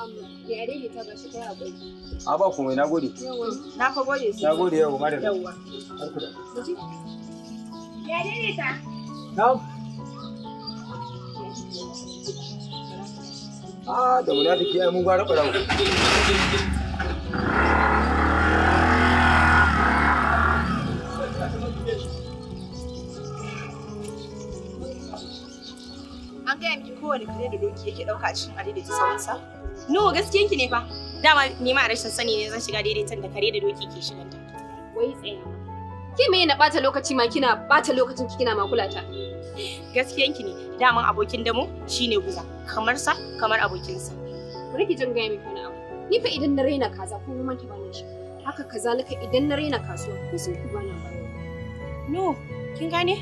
A ba komai na gode. Na fa gode Na gode yau Ya dai ta. Na'am. Ah, da wula da mun gwara An gaya miki kowane kare da doki yake ɗauka cikin adaidaita sauransa? no ki ne fa dama ni ma rashin sani ne zan shiga daidaitan da kare da doki ke shiganta wai tsaya ke me na bata lokaci ma kina bata lokacin ki kina makulata ki ne daman abokin damo shine guza kamar sa kamar abokinsa bari ki jin gaya miki wani abu ni fa idan na raina kaza ko mun ta bani shi haka kazalika idan na raina kasuwa ko sun ku bana bayo no kin gane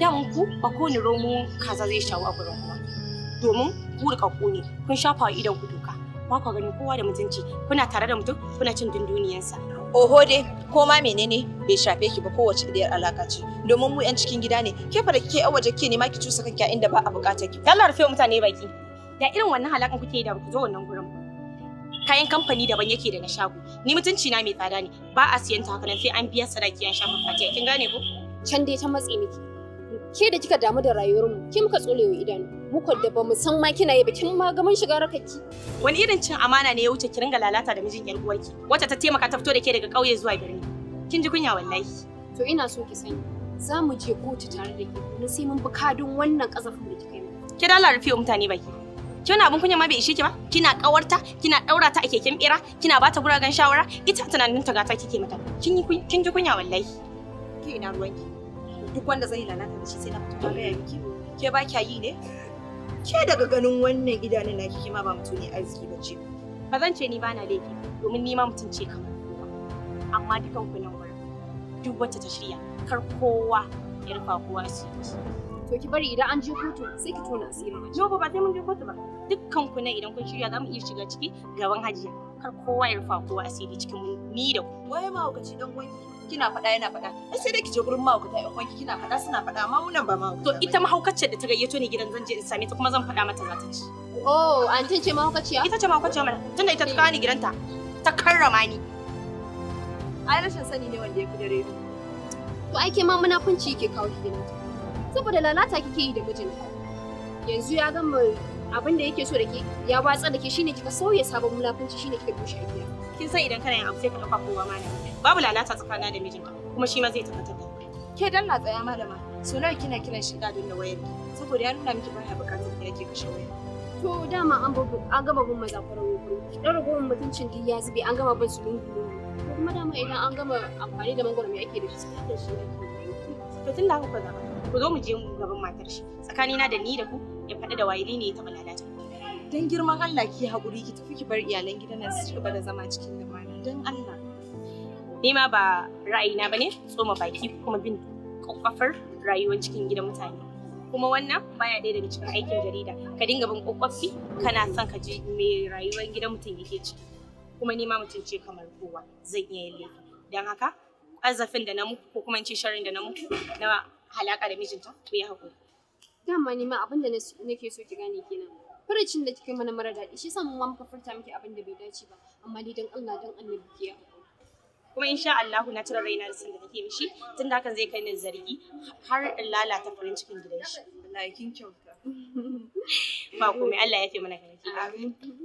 daman ku ba ni romo kaza zai shawo a gurin kuma domin ku rikakku ne kun shafa idan ku doka ba ku gani kowa da mutunci kuna tare da mutum kuna cin dunduniyansa oho dai ko ma menene bai shafe ki ba kowace idiyar alaka ce domin mu yan cikin gida ne ke fa da kike yan waje kike ne ma ki cusa kanki inda ba a buƙatar ki Allah rufe mutane baki da irin wannan halakan kuke da ku zo wannan gurin kayan kamfani daban yake da na shago ni mutunci na mai tsada ne ba a siyan ta haka sai an biya sadaki an shafa fatiya kin gane ko can dai ta matse miki ke da kika damu da rayuwar mu ki muka tsole wa idanu muka da ba mu san ma kina yi ba kin ma ga mun shiga rakaki wani irin cin amana ne ya wuce ki ringa lalata da mijin yar uwarki wacce ta taimaka ta fito da ke daga ƙauye zuwa birni kin ji kunya wallahi to ina so ki sani za mu je kotu tare da ke na sai mun buka kadin wannan kazafin da kika yi ki dala rufe wa mutane baki ki wani abin kunya ma bai ishe ki ba kina kawarta kina daura ta a keken bera kina bata guragan shawara ita tunanin ta gata kike mata kin ji kunya wallahi ke ina ruwanki duk wanda zai lalata da shi sai na fito na gaya miki ke ba kya yi ne ke daga ganin wannan idanun naki kima ba mutum ne arziki ba ce ba zan ce ni ba na laifi domin ni ma mutum ce kamar kowa amma dukan ku nan wurin duk wacce ta shirya kar kowa ya rufa kowa su to ki bari idan an je kotu sai ki tona asirin no ba sai mun je kotu ba dukkan ku idan kun shirya za mu iya shiga ciki gaban hajiya kar kowa ya rufa kowa asiri cikin ni da ku waye mahaukaci dan wanki kina faɗa yana faɗa ai sai dai ki je gurin mahaukata yan wanki kina faɗa suna faɗa amma mu nan ba mahaukata to ita mahaukaciyar da ta gayyato ni gidan zan je in same ta kuma zan faɗa mata za ta ci oh antin ce mahaukaciya ita ce mahaukaciya mana tunda ita ta kawo ni gidanta ta karrama ni ai rashin sani ne wanda ya fi dare to ai ke ma munafunci ke kawo ki gidanta saboda lalata kike yi da mijinta yanzu ya gama abin da yake so da ke ya watsa da ke shine kika sauya sabon mulafunci shine kika bushe a gida kin san idan kana yin abu sai ka dauka kowa malami babu lalata tsakanin da mijinka kuma shi ma zai tabbatar da ke Dan la tsaya malama so nawa kina kiran shi da dinna wayar saboda ya nuna miki ya bukatar da yake kashe waya to dama an babu an gama bin maza farko dan ragowar mutuncin din ya zube an gama bin su lungu kuma dama idan an gama amfani da mangwaro me ake da shi sai da shi to tun da haka zaba ku zo mu je mu gaban matar shi tsakanina da ni da ku ya faɗi da waye ne ya taɓa lalata dan girman Allah ki haƙuri ki tafi ki bar iyalan gidan nan su ci gaba da zama cikin lumana dan Allah ni ma ba ra'ayina bane tsoma baki kuma bin kokofar rayuwar cikin gidan mutane kuma wannan baya ɗaya daga cikin aikin jarida ka dinga bin kokofi kana son ka ji me rayuwar gidan mutum yake ciki kuma ni ma mutum ce kamar kowa zan iya yin laifi dan haka azafin da na muku ko kuma in ce sharrin da na muku na halaka da mijinta ku yi haƙuri. Dama ni ma abin da nake so ki gane kenan. Furucin da kika mana mara daɗi shi san mun ma muka furta miki abin da bai dace ba amma ni dan Allah dan Annabi ki ya kuma insha Allahu na cire raina da sanda take mishi tun da hakan zai kai ni zargi har in lalata farin cikin gidan shi. Allah kin kyauta. Ba komai Allah ya mana kanki. Amin.